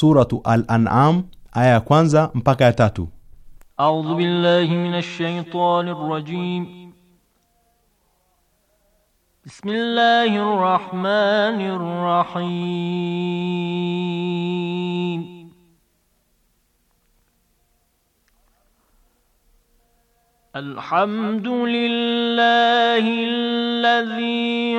suratu Al-An'am aya ya kwanza mpaka ya tatu. A'udhu billahi minash shaitani rrajim. Bismillahir rahmanir rahim. الحمد لله الذي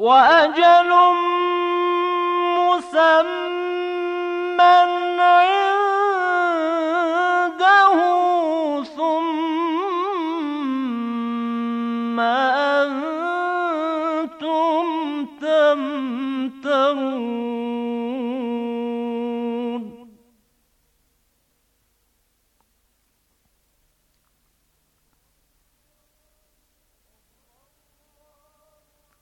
وأجل مسمى عند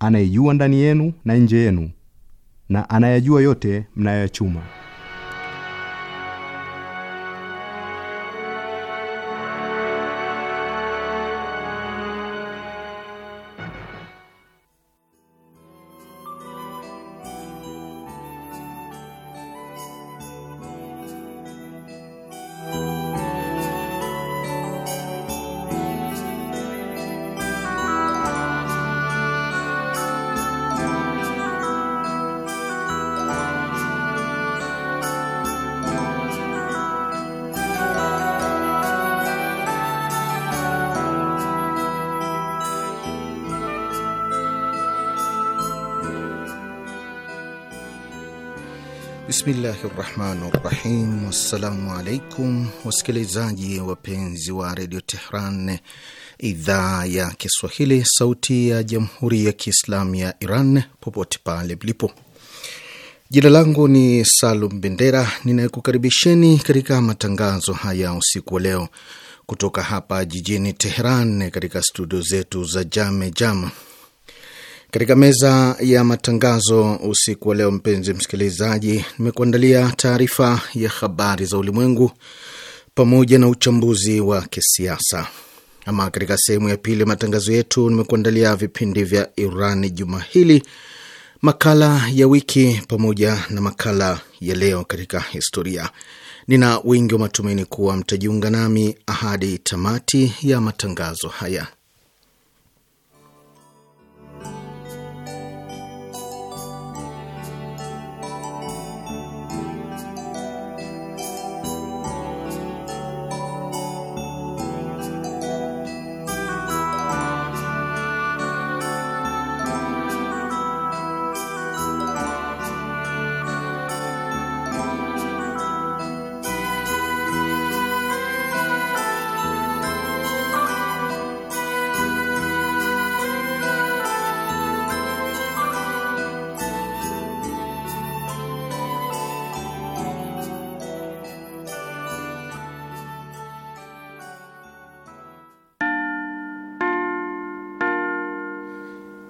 anayejua ndani yenu na nje yenu na anayajua yote mnayoyachuma. Bismillahi rahmani rahim. Wassalamu alaikum wasikilizaji wapenzi wa redio Tehran, idhaa ya Kiswahili, sauti ya jamhuri ya kiislamu ya Iran, popote pale mlipo. Jina langu ni Salum Bendera ninayekukaribisheni katika matangazo haya usiku wa leo kutoka hapa jijini Teheran, katika studio zetu za Jame Jama. Katika meza ya matangazo usiku wa leo, mpenzi msikilizaji, nimekuandalia taarifa ya habari za ulimwengu pamoja na uchambuzi wa kisiasa. Ama katika sehemu ya pili ya matangazo yetu, nimekuandalia vipindi vya Iran juma hili, makala ya wiki pamoja na makala ya leo katika historia. Nina wingi wa matumaini kuwa mtajiunga nami ahadi tamati ya matangazo haya.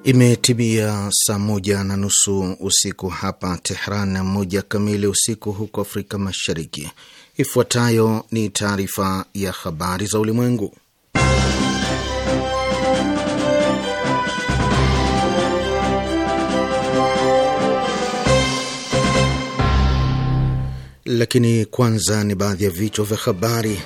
imetibia saa moja na nusu usiku hapa Tehran na moja kamili usiku huko Afrika Mashariki. Ifuatayo ni taarifa ya habari za ulimwengu, lakini kwanza ni baadhi ya vichwa vya habari.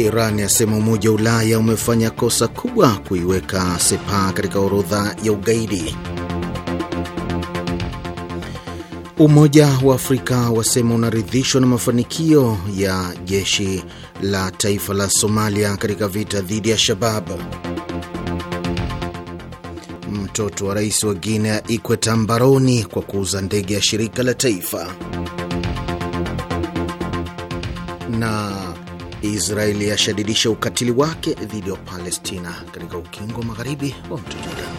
Iran yasema Umoja wa Ulaya umefanya kosa kubwa kuiweka sepa katika orodha ya ugaidi. Umoja wa Afrika wasema unaridhishwa na mafanikio ya jeshi la taifa la Somalia katika vita dhidi ya Shabab. Mtoto wa rais wa Guinea Ikweta mbaroni kwa kuuza ndege ya shirika la taifa na Israeli yashadidisha ukatili wake dhidi ya Palestina katika ukingo magharibi wa mto Jordan.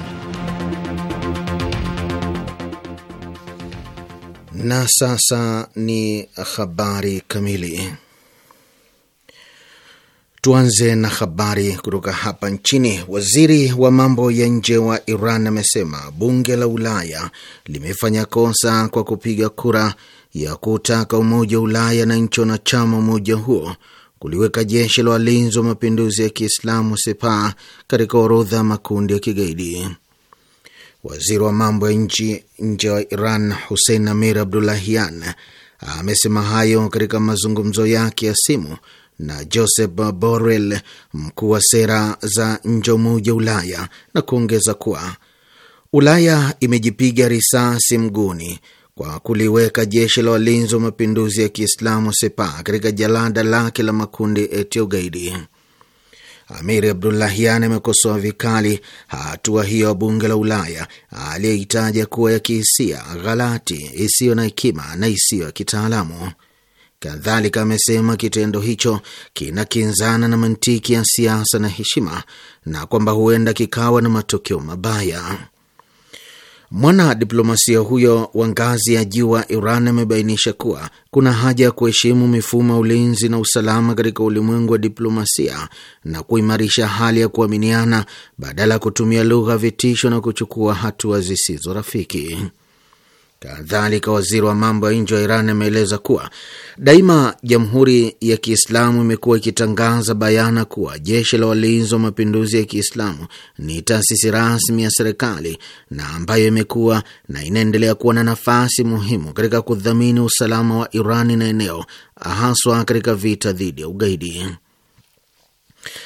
Na sasa ni habari kamili. Tuanze na habari kutoka hapa nchini. Waziri wa mambo ya nje wa Iran amesema bunge la Ulaya limefanya kosa kwa kupiga kura ya kutaka umoja wa Ulaya na nchi wanachama umoja huo kuliweka jeshi la walinzi wa mapinduzi ya Kiislamu sepa katika orodha ya makundi ya kigaidi. Waziri wa mambo ya nchi nje wa Iran Hussein Amir Abdulahian amesema hayo katika mazungumzo yake ya simu na Joseph Borrell, mkuu wa sera za nje Umoja Ulaya, na kuongeza kuwa Ulaya imejipiga risasi mguni kwa kuliweka jeshi la walinzi wa mapinduzi ya Kiislamu Sepa katika jalada lake la makundi eti ugaidi. Amiri Abdullahian amekosoa vikali hatua hiyo ya bunge la Ulaya aliyehitaja kuwa ya kihisia, ghalati, isiyo na hekima na isiyo ya kitaalamu. Kadhalika amesema kitendo hicho kinakinzana na mantiki ya siasa na heshima na kwamba huenda kikawa na matokeo mabaya. Mwana diplomasia huyo wa ngazi ya juu wa Iran amebainisha kuwa kuna haja ya kuheshimu mifumo ya ulinzi na usalama katika ulimwengu wa diplomasia na kuimarisha hali ya kuaminiana badala ya kutumia lugha, vitisho na kuchukua hatua zisizo rafiki. Kadhalika, waziri wa mambo ya nje wa Iran ameeleza kuwa daima Jamhuri ya Kiislamu imekuwa ikitangaza bayana kuwa jeshi la walinzi wa mapinduzi ya Kiislamu ni taasisi rasmi ya serikali na ambayo imekuwa na inaendelea kuwa na nafasi muhimu katika kudhamini usalama wa Irani na eneo, haswa katika vita dhidi ya ugaidi.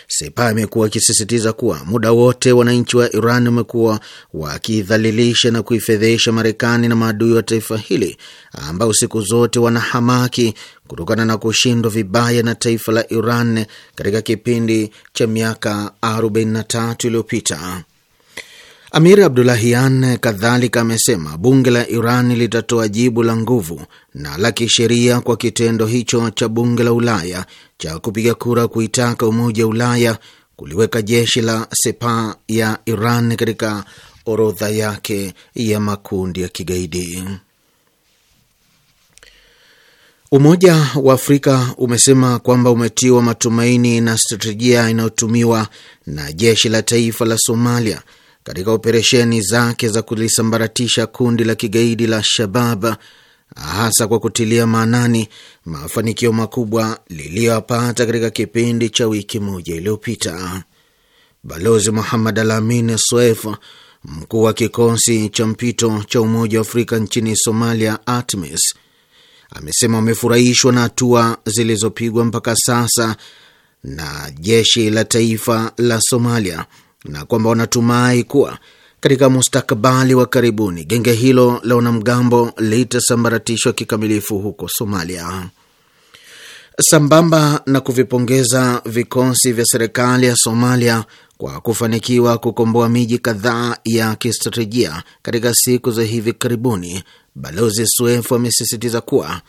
Sepa imekuwa akisisitiza kuwa muda wote wananchi wa Iran wamekuwa wakidhalilisha na kuifedhesha Marekani na maadui wa taifa hili ambao siku zote wana hamaki kutokana na kushindwa vibaya na taifa la Iran katika kipindi cha miaka 43 iliyopita. Amir Abdulahian kadhalika amesema bunge la Iran litatoa jibu la nguvu na la kisheria kwa kitendo hicho cha bunge la Ulaya cha kupiga kura kuitaka Umoja wa Ulaya kuliweka jeshi la Sepa ya Iran katika orodha yake ya makundi ya kigaidi. Umoja wa Afrika umesema kwamba umetiwa matumaini na strategia inayotumiwa na jeshi la taifa la Somalia katika operesheni zake za kulisambaratisha kundi la kigaidi la Shabab, hasa kwa kutilia maanani mafanikio makubwa liliyoyapata katika kipindi cha wiki moja iliyopita. Balozi Muhammad Alamin Swef, mkuu wa kikosi cha mpito cha Umoja wa Afrika nchini Somalia, ATMIS, e amesema wamefurahishwa na hatua zilizopigwa mpaka sasa na jeshi la taifa la Somalia na kwamba wanatumai kuwa katika mustakabali wa karibuni genge hilo la wanamgambo litasambaratishwa kikamilifu huko Somalia. Sambamba na kuvipongeza vikosi vya serikali ya Somalia kwa kufanikiwa kukomboa miji kadhaa ya kistratejia katika siku za hivi karibuni, Balozi Suefu amesisitiza kuwa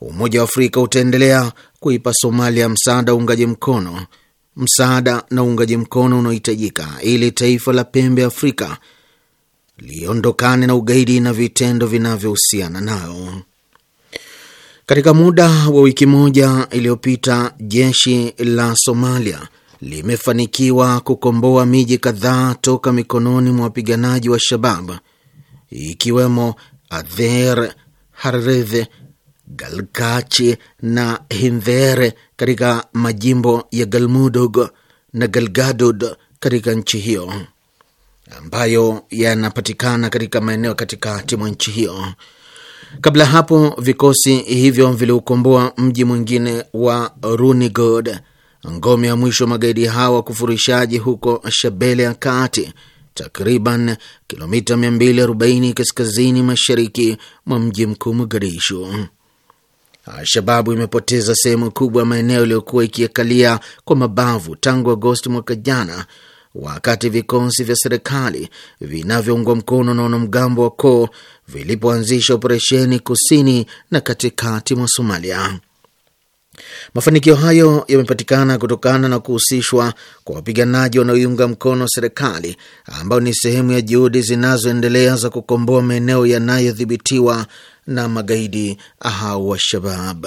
Umoja wa Afrika utaendelea kuipa Somalia msaada uungaji mkono msaada na uungaji mkono unaohitajika ili taifa la pembe Afrika liondokane na ugaidi na vitendo vinavyohusiana nayo. Katika muda wa wiki moja iliyopita, jeshi la Somalia limefanikiwa kukomboa miji kadhaa toka mikononi mwa wapiganaji wa Shabab, ikiwemo Adher, Haredhe, Galkachi na Hindhere katika majimbo ya Galmudug na Galgadud katika nchi hiyo ambayo yanapatikana katika maeneo katikati mwa nchi hiyo. Kabla hapo vikosi hivyo viliukomboa mji mwingine wa Runigod, ngome ya mwisho magaidi hawa kufurishaji huko Shabele ya kati, takriban kilomita 240 kaskazini mashariki mwa mji mkuu Mogadishu. Alshababu imepoteza sehemu kubwa ya maeneo iliyokuwa ikiekalia kwa mabavu tangu Agosti mwaka jana, wakati vikosi vya serikali vinavyoungwa mkono na wanamgambo wa koo vilipoanzisha operesheni kusini na katikati mwa Somalia. Mafanikio hayo yamepatikana kutokana na kuhusishwa kwa wapiganaji wanaoiunga mkono serikali ambayo ni sehemu ya juhudi zinazoendelea za kukomboa maeneo yanayodhibitiwa na magaidi hao wa Shabab.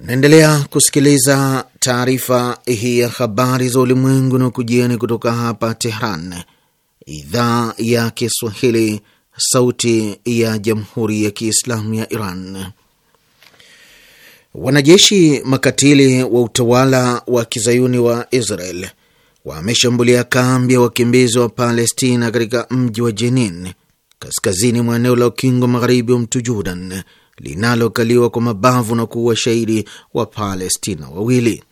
Naendelea kusikiliza taarifa hii ya habari za ulimwengu na kujieni kutoka hapa Tehran, idhaa ya Kiswahili, sauti ya jamhuri ya kiislamu ya Iran. Wanajeshi makatili wa utawala wa kizayuni wa Israel wameshambulia kambi ya wakimbizi wa Palestina katika mji wa Jenin kaskazini mwa eneo la ukingo magharibi wa mto Jordan linalokaliwa kwa mabavu na kuua shahidi wa Palestina wawili.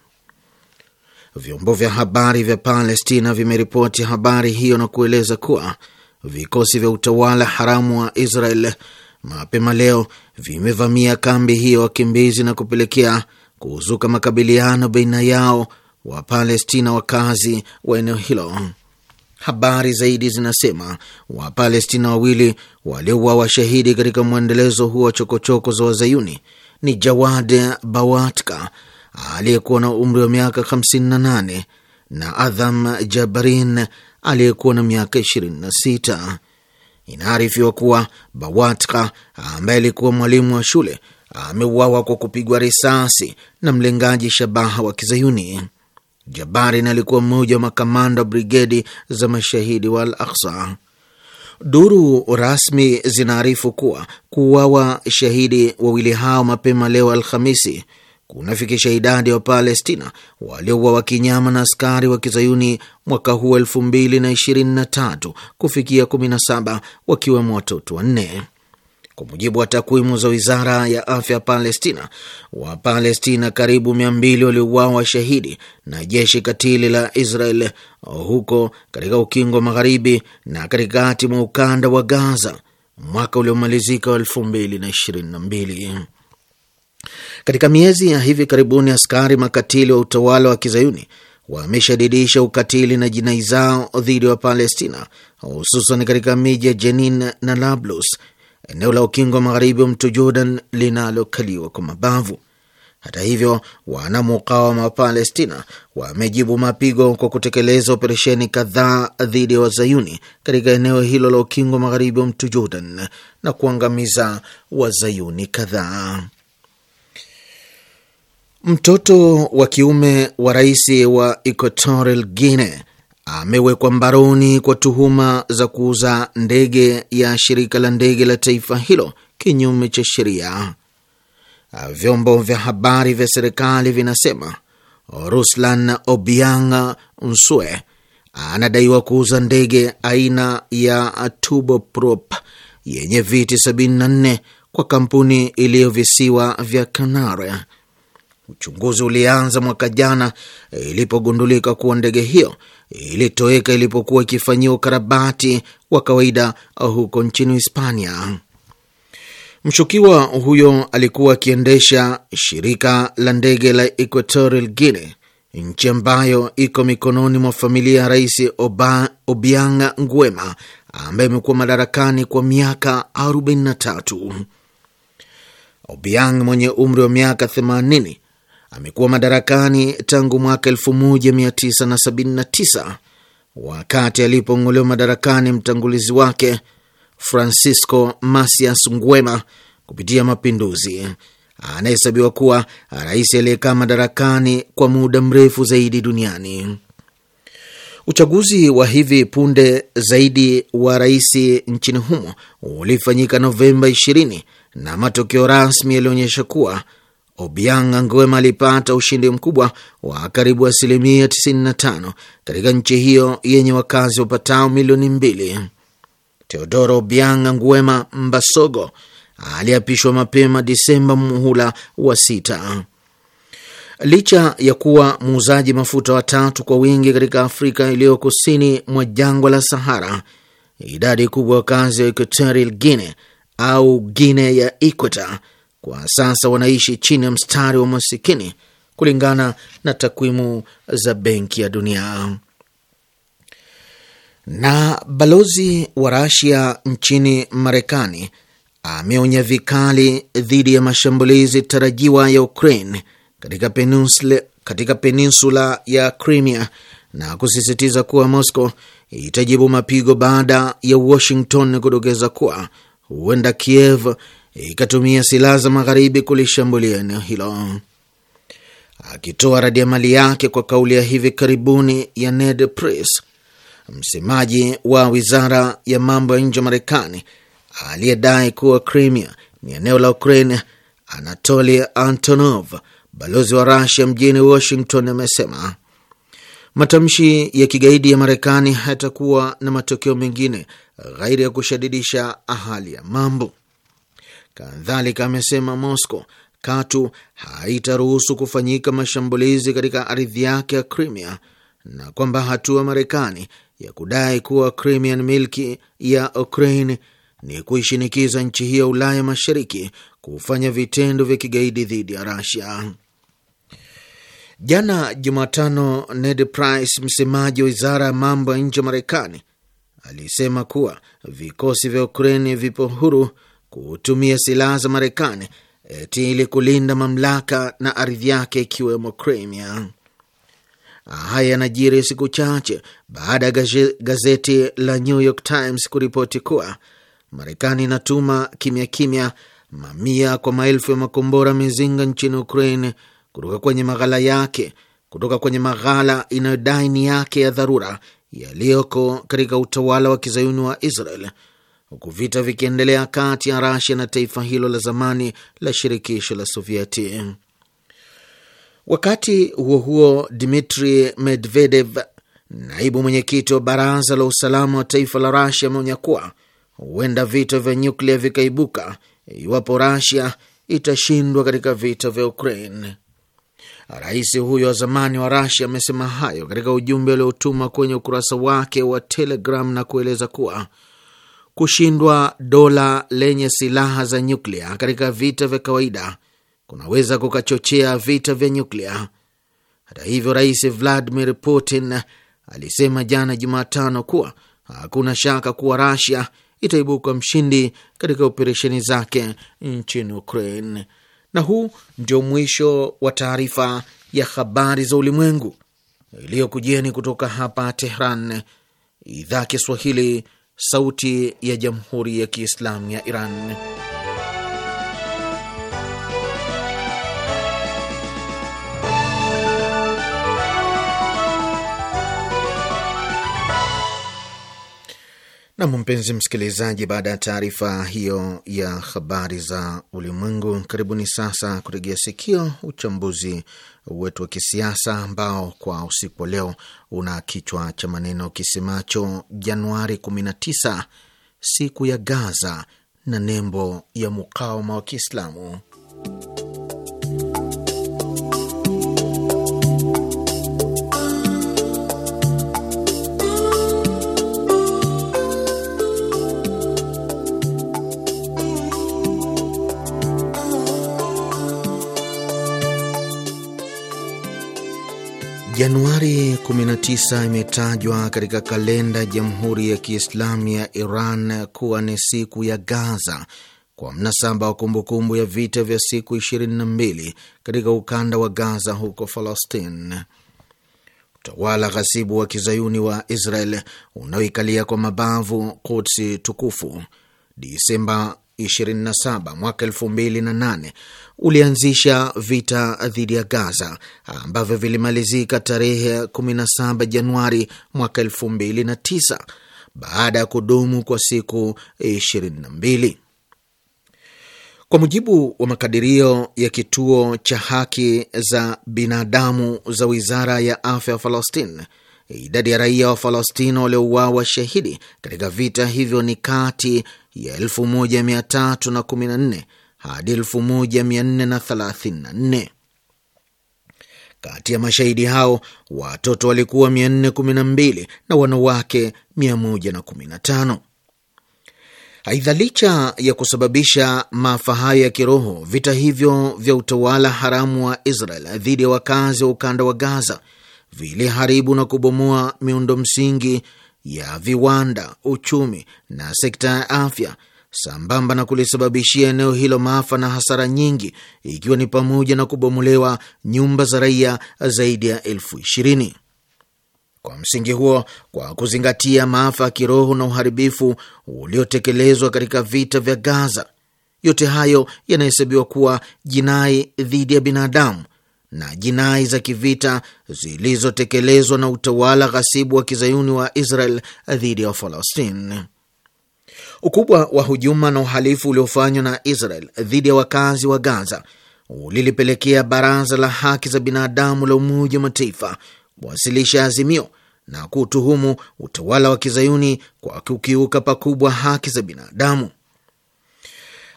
Vyombo vya habari vya Palestina vimeripoti habari hiyo na kueleza kuwa vikosi vya utawala haramu wa Israel mapema leo vimevamia kambi hiyo wakimbizi na kupelekea kuzuka makabiliano baina yao wa palestina wakazi wa eneo hilo. Habari zaidi zinasema Wapalestina wawili waliouawa washahidi katika mwendelezo huo wa chokochoko za wazayuni ni Jawad Bawatka aliyekuwa na umri wa miaka 58 na Adham Jabarin aliyekuwa na miaka 26. Inaarifiwa kuwa Bawatka ambaye alikuwa mwalimu wa shule ameuawa kwa kupigwa risasi na mlengaji shabaha wa kizayuni. Jabarin alikuwa mmoja wa makamanda wa brigedi za mashahidi wa Al Aksa. Duru rasmi zinaarifu kuwa kuuawa shahidi wawili hao mapema leo Alhamisi kunafikisha idadi ya Wapalestina waliouawa kinyama na askari wa kizayuni mwaka huu elfu mbili na ishirini na tatu kufikia 17 wakiwemo watoto wanne. Kwa mujibu wa takwimu za wizara ya afya ya Palestina, Wapalestina karibu mbili waliuawa shahidi na jeshi katili la Israel huko katika ukingo wa magharibi na katikati mwa ukanda wa Gaza mwaka uliomalizika wa mbili. Katika miezi ya hivi karibuni, askari makatili wa utawala wa kizayuni wameshadidisha ukatili na jinai zao dhidi ya Palestina, hususan katika miji ya Jenin na Nablus eneo la ukingo magharibi wa mto Jordan linalokaliwa kwa mabavu. Hata hivyo, wanamukawama wa Palestina wamejibu mapigo kwa kutekeleza operesheni kadhaa dhidi ya wazayuni katika eneo hilo la ukingo magharibi wa mto Jordan na kuangamiza wazayuni kadhaa. Mtoto wa kiume wa rais wa Equatorial Guinea amewekwa mbaroni kwa tuhuma za kuuza ndege ya shirika la ndege la taifa hilo kinyume cha sheria. Vyombo vya habari vya serikali vinasema Ruslan Obiang Nsue anadaiwa kuuza ndege aina ya turboprop yenye viti 74 kwa kampuni iliyovisiwa vya Kanare Uchunguzi ulianza mwaka jana eh, ilipogundulika kuwa ndege hiyo ilitoweka ilipokuwa ikifanyiwa ukarabati wa kawaida eh, huko nchini Hispania. Mshukiwa huyo alikuwa akiendesha shirika la ndege la Equatorial Guinea, nchi ambayo iko mikononi mwa familia ya Rais Obiang Nguema ambaye amekuwa madarakani kwa miaka 43. Obiang mwenye umri wa miaka amekuwa madarakani tangu mwaka 1979 wakati alipong'olewa madarakani mtangulizi wake Francisco Macias Nguema kupitia mapinduzi, anahesabiwa kuwa rais aliyekaa madarakani kwa muda mrefu zaidi duniani. Uchaguzi wa hivi punde zaidi wa rais nchini humo ulifanyika Novemba 20 na matokeo rasmi yalionyesha kuwa Obiang Nguema alipata ushindi mkubwa wa karibu asilimia 95 katika nchi hiyo yenye wakazi wapatao milioni mbili. Teodoro Obiang Nguema Mbasogo aliapishwa mapema Disemba muhula wa sita. Licha ya kuwa muuzaji mafuta watatu kwa wingi katika Afrika iliyo kusini mwa jangwa la Sahara, idadi kubwa ya wakazi wa Equatorial Guinea au Guinea ya equator kwa sasa wanaishi chini ya mstari wa masikini kulingana na takwimu za Benki ya Dunia. Na balozi wa Rasia nchini Marekani ameonya vikali dhidi ya mashambulizi tarajiwa ya Ukraine katika peninsula, katika peninsula ya Crimea na kusisitiza kuwa Moscow itajibu mapigo baada ya Washington kudokeza kuwa huenda Kiev ikatumia silaha za magharibi kulishambulia eneo hilo. Akitoa mali yake kwa kauli ya hivi karibuni ya Ned Price, msemaji wa wizara ya mambo ya nje wa Marekani aliyedai kuwa Crimea ni eneo la Ukraine, anatoli Antonov, balozi wa Rusia mjini Washington, amesema matamshi ya kigaidi ya Marekani hayatakuwa na matokeo mengine ghairi ya kushadidisha hali ya mambo. Kadhalika amesema Moscow katu haitaruhusu kufanyika mashambulizi katika ardhi yake ya Crimea na kwamba hatua Marekani ya kudai kuwa Crimea ni milki ya Ukraine ni kuishinikiza nchi hiyo Ulaya Mashariki kufanya vitendo vya kigaidi dhidi ya rusia Jana Jumatano, Ned Price, msemaji wa wizara ya mambo ya nje ya Marekani, alisema kuwa vikosi vya Ukraine vipo huru kutumia silaha za Marekani eti ili kulinda mamlaka na ardhi yake ikiwemo Crimea. Haya yanajiri siku chache baada ya gazeti la New York Times kuripoti kuwa Marekani inatuma kimya kimya mamia kwa maelfu ya makombora mizinga nchini Ukraine kutoka kwenye maghala yake kutoka kwenye maghala inayodai ni yake ya dharura yaliyoko katika utawala wa kizayuni wa Israel huku vita vikiendelea kati ya Rasia na taifa hilo la zamani la shirikisho la Sovieti. Wakati huo huo, Dmitri Medvedev, naibu mwenyekiti wa baraza la usalama wa taifa la Rasia, ameonya kuwa huenda vita vya nyuklia vikaibuka iwapo Rasia itashindwa katika vita vya Ukraine. Rais huyo wa zamani wa Rasia amesema hayo katika ujumbe aliotuma kwenye ukurasa wake wa Telegram na kueleza kuwa kushindwa dola lenye silaha za nyuklia katika vita vya kawaida kunaweza kukachochea vita vya nyuklia. Hata hivyo, Rais Vladimir Putin alisema jana Jumatano kuwa hakuna shaka kuwa Rasia itaibuka mshindi katika operesheni zake nchini Ukraine. Na huu ndio mwisho wa taarifa ya habari za ulimwengu iliyokujieni kutoka hapa Tehran, idhaa Kiswahili, Sauti ya Jamhuri ya Kiislamu ya Iran. Nam, mpenzi msikilizaji, baada ya taarifa hiyo ya habari za ulimwengu, karibuni sasa kuregea sikio uchambuzi wetu wa kisiasa ambao kwa usiku wa leo una kichwa cha maneno kisemacho Januari 19 siku ya Gaza na nembo ya mukawama wa Kiislamu. Januari 19 imetajwa katika kalenda Jamhuri ya Kiislamu ya Iran kuwa ni siku ya Gaza kwa mnasaba wa kumbukumbu ya vita vya siku 22 katika ukanda wa Gaza huko Palestina. Utawala ghasibu wa kizayuni wa Israel unaoikalia kwa mabavu Kutsi tukufu Disemba 27 mwaka 2008 ulianzisha vita dhidi ya Gaza ambavyo vilimalizika tarehe 17 Januari mwaka 2009 baada ya kudumu kwa siku 22. Kwa mujibu wa makadirio ya kituo cha haki za binadamu za wizara ya afya ya Palestina, Eh, idadi ya raia wa Falastini waliouawa shahidi katika vita hivyo ni kati ya 1314 hadi 1434. Kati ya mashahidi hao watoto walikuwa 412 na wanawake 115. Aidha, licha ya kusababisha maafa hayo ya kiroho, vita hivyo vya utawala haramu wa Israel dhidi ya wakazi wa ukanda wa Gaza viliharibu na kubomoa miundo msingi ya viwanda, uchumi na sekta ya afya, sambamba na kulisababishia eneo hilo maafa na hasara nyingi, ikiwa ni pamoja na kubomolewa nyumba za raia zaidi ya elfu ishirini. Kwa msingi huo, kwa kuzingatia maafa ya kiroho na uharibifu uliotekelezwa katika vita vya Gaza, yote hayo yanahesabiwa kuwa jinai dhidi ya binadamu na jinai za kivita zilizotekelezwa na utawala ghasibu wa kizayuni wa Israel dhidi ya Falastine. Ukubwa wa hujuma na uhalifu uliofanywa na Israel dhidi ya wakazi wa Gaza ulilipelekea Baraza la Haki za Binadamu la Umoja wa Mataifa kuwasilisha azimio na kuutuhumu utawala wa kizayuni kwa kukiuka pakubwa haki za binadamu.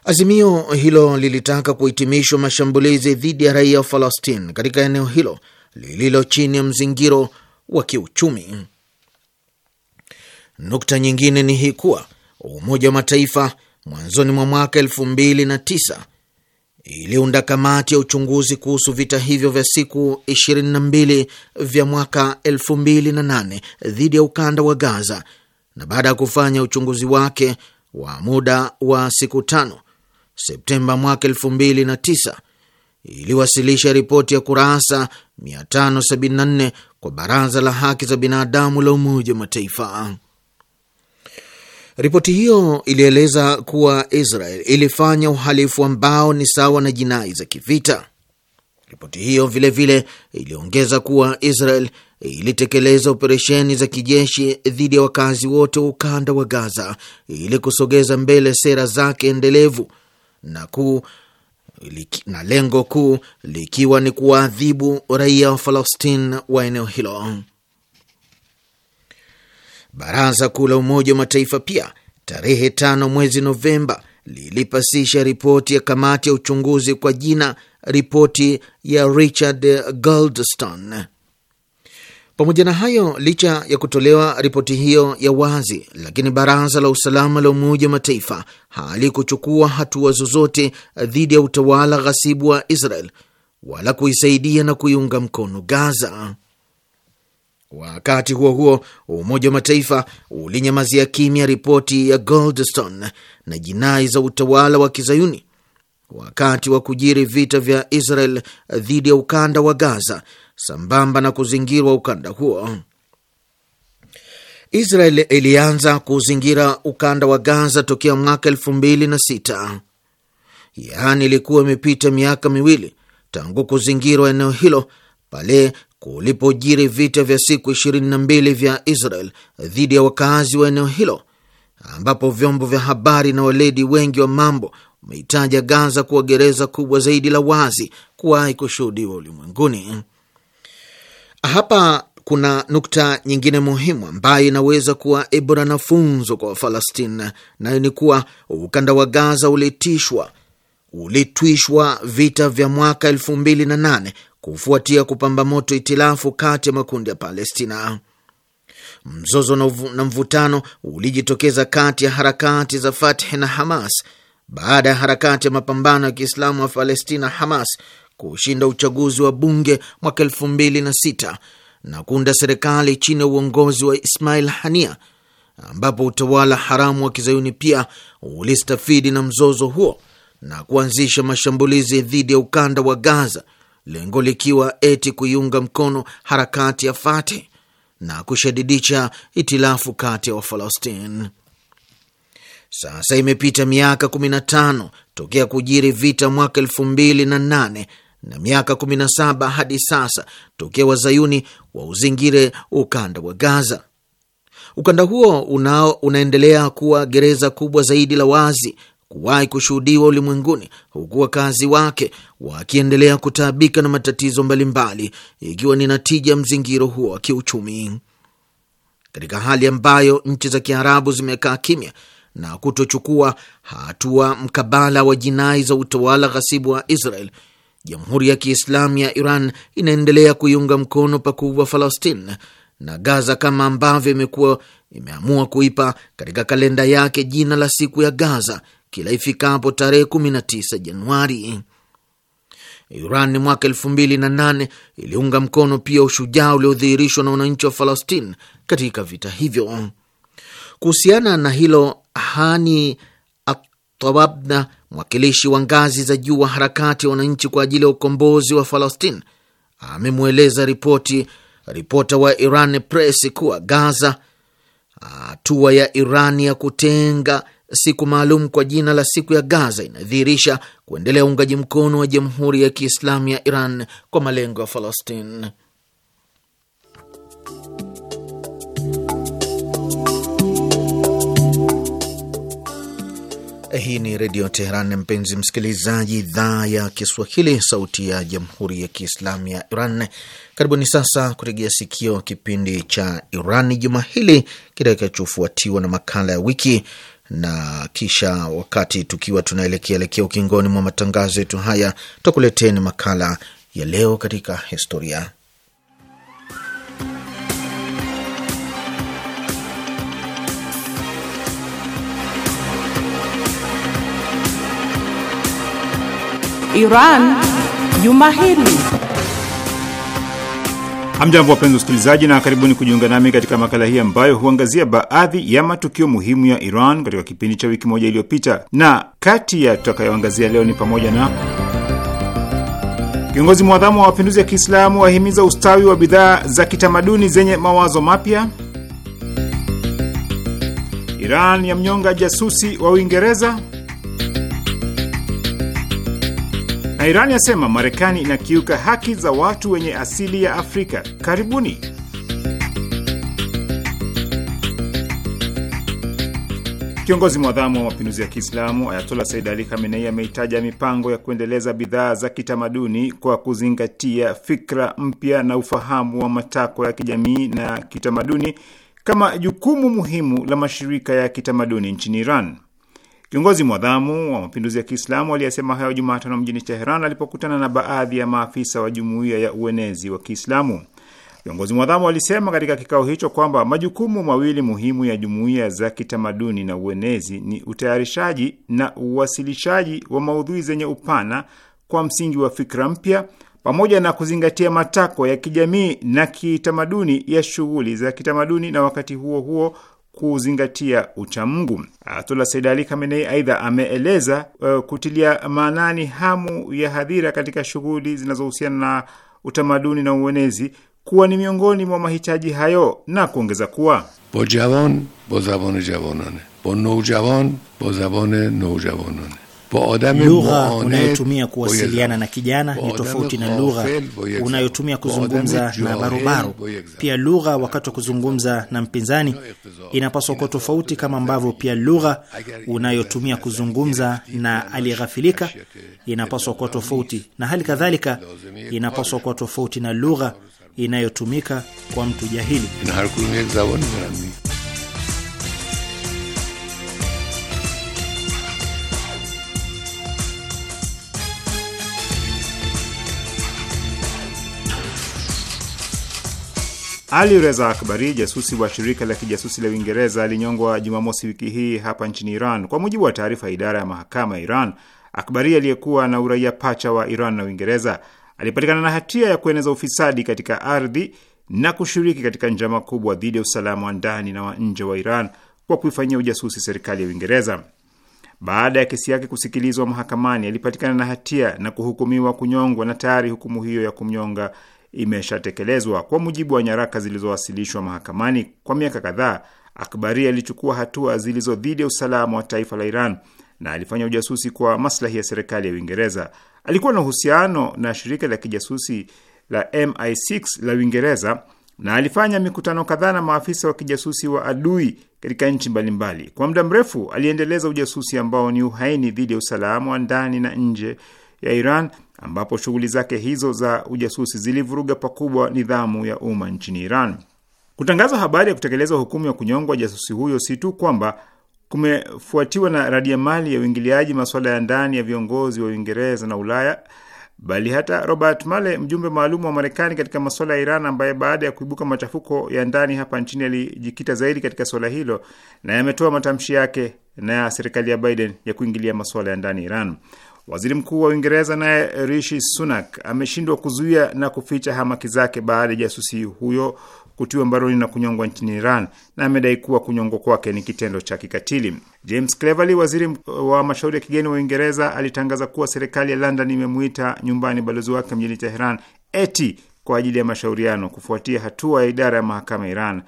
Azimio hilo lilitaka kuhitimishwa mashambulizi dhidi ya raia wa Falastin katika eneo hilo lililo chini ya mzingiro wa kiuchumi. Nukta nyingine ni hii kuwa Umoja wa Mataifa mwanzoni mwa mwaka elfu mbili na tisa iliunda kamati ya uchunguzi kuhusu vita hivyo vya siku 22 vya mwaka 2008 dhidi ya ukanda wa Gaza, na baada ya kufanya uchunguzi wake wa muda wa siku tano Septemba mwaka 2009 iliwasilisha ripoti ya kurasa 574 kwa Baraza la Haki za Binadamu la Umoja wa Mataifa. Ripoti hiyo ilieleza kuwa Israel ilifanya uhalifu ambao ni sawa na jinai za kivita. Ripoti hiyo vilevile vile iliongeza kuwa Israel ilitekeleza operesheni za kijeshi dhidi ya wakazi wote wa ukanda wa Gaza ili kusogeza mbele sera zake endelevu na kuu na lengo kuu likiwa ni kuwaadhibu raia wa Palestina wa eneo hilo. Baraza Kuu la Umoja wa Mataifa pia tarehe tano mwezi Novemba lilipasisha ripoti ya kamati ya uchunguzi kwa jina ripoti ya Richard Goldstone pamoja na hayo, licha ya kutolewa ripoti hiyo ya wazi, lakini baraza la usalama la Umoja wa Mataifa halikuchukua hatua zozote dhidi ya utawala ghasibu wa Israel wala kuisaidia na kuiunga mkono Gaza. Wakati huo huo, Umoja wa Mataifa ulinyamazia kimya ripoti ya Goldstone na jinai za utawala wa kizayuni wakati wa kujiri vita vya Israel dhidi ya ukanda wa Gaza sambamba na kuzingirwa ukanda huo. Israel ilianza kuzingira ukanda wa Gaza tokea mwaka elfu mbili na sita, yaani ilikuwa imepita miaka miwili tangu kuzingirwa eneo hilo pale kulipojiri vita vya siku 22 vya Israel dhidi ya wakazi wa eneo hilo, ambapo vyombo vya habari na weledi wengi wa mambo wameitaja Gaza kuwa gereza kubwa zaidi la wazi kuwahi kushuhudiwa ulimwenguni. Hapa kuna nukta nyingine muhimu ambayo inaweza kuwa ibra na funzo kwa wafalastina nayo ni kuwa ukanda wa Gaza ulitishwa ulitwishwa vita vya mwaka elfu mbili na nane kufuatia kupamba moto itilafu kati ya makundi ya Palestina. Mzozo na mvutano ulijitokeza kati ya harakati za Fatah na Hamas baada ya harakati ya mapambano ya Kiislamu wa Palestina Hamas kushinda uchaguzi wa bunge mwaka elfu mbili na sita na kuunda serikali chini ya uongozi wa Ismail Hania, ambapo utawala haramu wa kizayuni pia ulistafidi na mzozo huo na kuanzisha mashambulizi dhidi ya ukanda wa Gaza, lengo likiwa eti kuiunga mkono harakati ya Fatah na kushadidisha itilafu kati ya Wafalastini. Sasa imepita miaka 15 tokea kujiri vita mwaka elfu mbili na nane na miaka 17 hadi sasa tokea wazayuni wa uzingire ukanda wa Gaza. Ukanda huo unao unaendelea kuwa gereza kubwa zaidi la wazi kuwahi kushuhudiwa ulimwenguni, huku wakazi wake wakiendelea kutaabika na matatizo mbalimbali, ikiwa ni natija ya mzingiro huo wa kiuchumi, katika hali ambayo nchi za Kiarabu zimekaa kimya na kutochukua hatua mkabala wa jinai za utawala ghasibu wa Israel, Jamhuri ya Kiislamu ya Iran inaendelea kuiunga mkono pakubwa Falastin na Gaza kama ambavyo imekuwa imeamua kuipa katika kalenda yake jina la siku ya Gaza kila ifikapo tarehe 19 Januari. Iran ni mwaka elfu mbili na nane iliunga mkono pia ushujaa uliodhihirishwa na wananchi wa Falastin katika vita hivyo. Kuhusiana na hilo Hani Atawabna, mwakilishi wa ngazi za juu wa harakati ya wananchi kwa ajili ya ukombozi wa Falastin, amemweleza ripoti ripota wa Iran Press kuwa Gaza, hatua ya Iran ya kutenga siku maalum kwa jina la siku ya Gaza inadhihirisha kuendelea uungaji mkono wa Jamhuri ya Kiislamu ya Iran kwa malengo ya Falastin. Hii ni Redio Teheran, mpenzi msikilizaji, idhaa ya Kiswahili, sauti ya jamhuri ya kiislamu ya Iran. Karibuni sasa kutegea sikio kipindi cha iran juma hili kitakachofuatiwa na makala ya wiki na kisha, wakati tukiwa tunaelekea elekea ukingoni mwa matangazo yetu haya, tutakuleteni makala ya leo katika historia. Iran juma hili. Hamjambo wapenzi wasikilizaji, na karibuni kujiunga nami katika makala hii ambayo huangazia baadhi ya matukio muhimu ya Iran katika kipindi cha wiki moja iliyopita, na kati ya tutakayoangazia leo ni pamoja na kiongozi mwadhamu wa mapinduzi ya Kiislamu wahimiza ustawi wa bidhaa za kitamaduni zenye mawazo mapya, Iran ya mnyonga jasusi wa Uingereza na Iran yasema Marekani inakiuka haki za watu wenye asili ya Afrika. Karibuni. Kiongozi mwadhamu wa mapinduzi ya Kiislamu Ayatola Said Ali Khamenei ameitaja mipango ya kuendeleza bidhaa za kitamaduni kwa kuzingatia fikra mpya na ufahamu wa matakwa ya kijamii na kitamaduni kama jukumu muhimu la mashirika ya kitamaduni nchini Iran. Kiongozi mwadhamu wa mapinduzi ya Kiislamu aliyesema hayo Jumatano mjini Teheran alipokutana na baadhi ya maafisa wa jumuiya ya uenezi wa Kiislamu. Kiongozi mwadhamu alisema katika kikao hicho kwamba majukumu mawili muhimu ya jumuiya za kitamaduni na uenezi ni utayarishaji na uwasilishaji wa maudhui zenye upana kwa msingi wa fikra mpya pamoja na kuzingatia matakwa ya kijamii na kitamaduni ya shughuli za kitamaduni, na wakati huo huo kuzingatia uchamungu. Ayatullah Said Ali Khamenei aidha ameeleza uh, kutilia maanani hamu ya hadhira katika shughuli zinazohusiana na utamaduni na uenezi kuwa ni miongoni mwa mahitaji hayo na kuongeza kuwa bo javan bo zabone javanane bo bo zabone Lugha unayotumia kuwasiliana na kijana ni tofauti na lugha unayotumia kuzungumza na barubaru. Pia lugha wakati wa kuzungumza na mpinzani inapaswa kuwa tofauti, kama ambavyo pia lugha unayotumia kuzungumza na aliyeghafilika inapaswa kuwa tofauti, na hali kadhalika inapaswa kuwa tofauti na lugha inayotumika kwa mtu jahili. Ali Reza Akbari, jasusi wa shirika la kijasusi la Uingereza, alinyongwa Jumamosi wiki hii hapa nchini Iran, kwa mujibu wa taarifa ya idara ya mahakama ya Iran. Akbari aliyekuwa na uraia pacha wa Iran na Uingereza alipatikana na hatia ya kueneza ufisadi katika ardhi na kushiriki katika njama kubwa dhidi ya usalama wa ndani na wa nje wa Iran kwa kuifanyia ujasusi serikali ya Uingereza. Baada ya kesi yake kusikilizwa mahakamani, alipatikana na hatia na kuhukumiwa kunyongwa, na tayari hukumu hiyo ya kumnyonga imeshatekelezwa. Kwa mujibu wa nyaraka zilizowasilishwa mahakamani, kwa miaka kadhaa Akbari alichukua hatua zilizo dhidi ya usalama wa taifa la Iran na alifanya ujasusi kwa maslahi ya serikali ya Uingereza. Alikuwa na uhusiano na shirika la kijasusi la MI6 la Uingereza na alifanya mikutano kadhaa na maafisa wa kijasusi wa adui katika nchi mbalimbali. Kwa muda mrefu aliendeleza ujasusi ambao ni uhaini dhidi ya usalama wa ndani na nje ya Iran ambapo shughuli zake hizo za ujasusi zilivuruga pakubwa nidhamu ya umma nchini Iran. Kutangazwa habari ya kutekeleza hukumu ya kunyongwa jasusi huyo si tu kwamba kumefuatiwa na mali ya uingiliaji masuala ya ndani ya viongozi wa Uingereza na Ulaya, bali hata Robert Male, mjumbe maalum wa Marekani katika masuala ya Iran, ambaye baada ya kuibuka machafuko ya ndani hapa nchini alijikita zaidi katika suala hilo, na yametoa matamshi yake na ya serikali ya Biden ya kuingilia masuala ya ndani ya Iran. Waziri mkuu wa Uingereza naye Rishi Sunak ameshindwa kuzuia na kuficha hamaki zake baada ya jasusi huyo kutiwa mbaroni na kunyongwa nchini Iran na amedai kuwa kunyongwa kwake ni kitendo cha kikatili. James Cleverly, waziri wa mashauri ya kigeni wa Uingereza, alitangaza kuwa serikali ya London imemuita nyumbani balozi wake mjini Teheran eti kwa ajili ya mashauriano kufuatia hatua ya idara ya mahakama ya Iran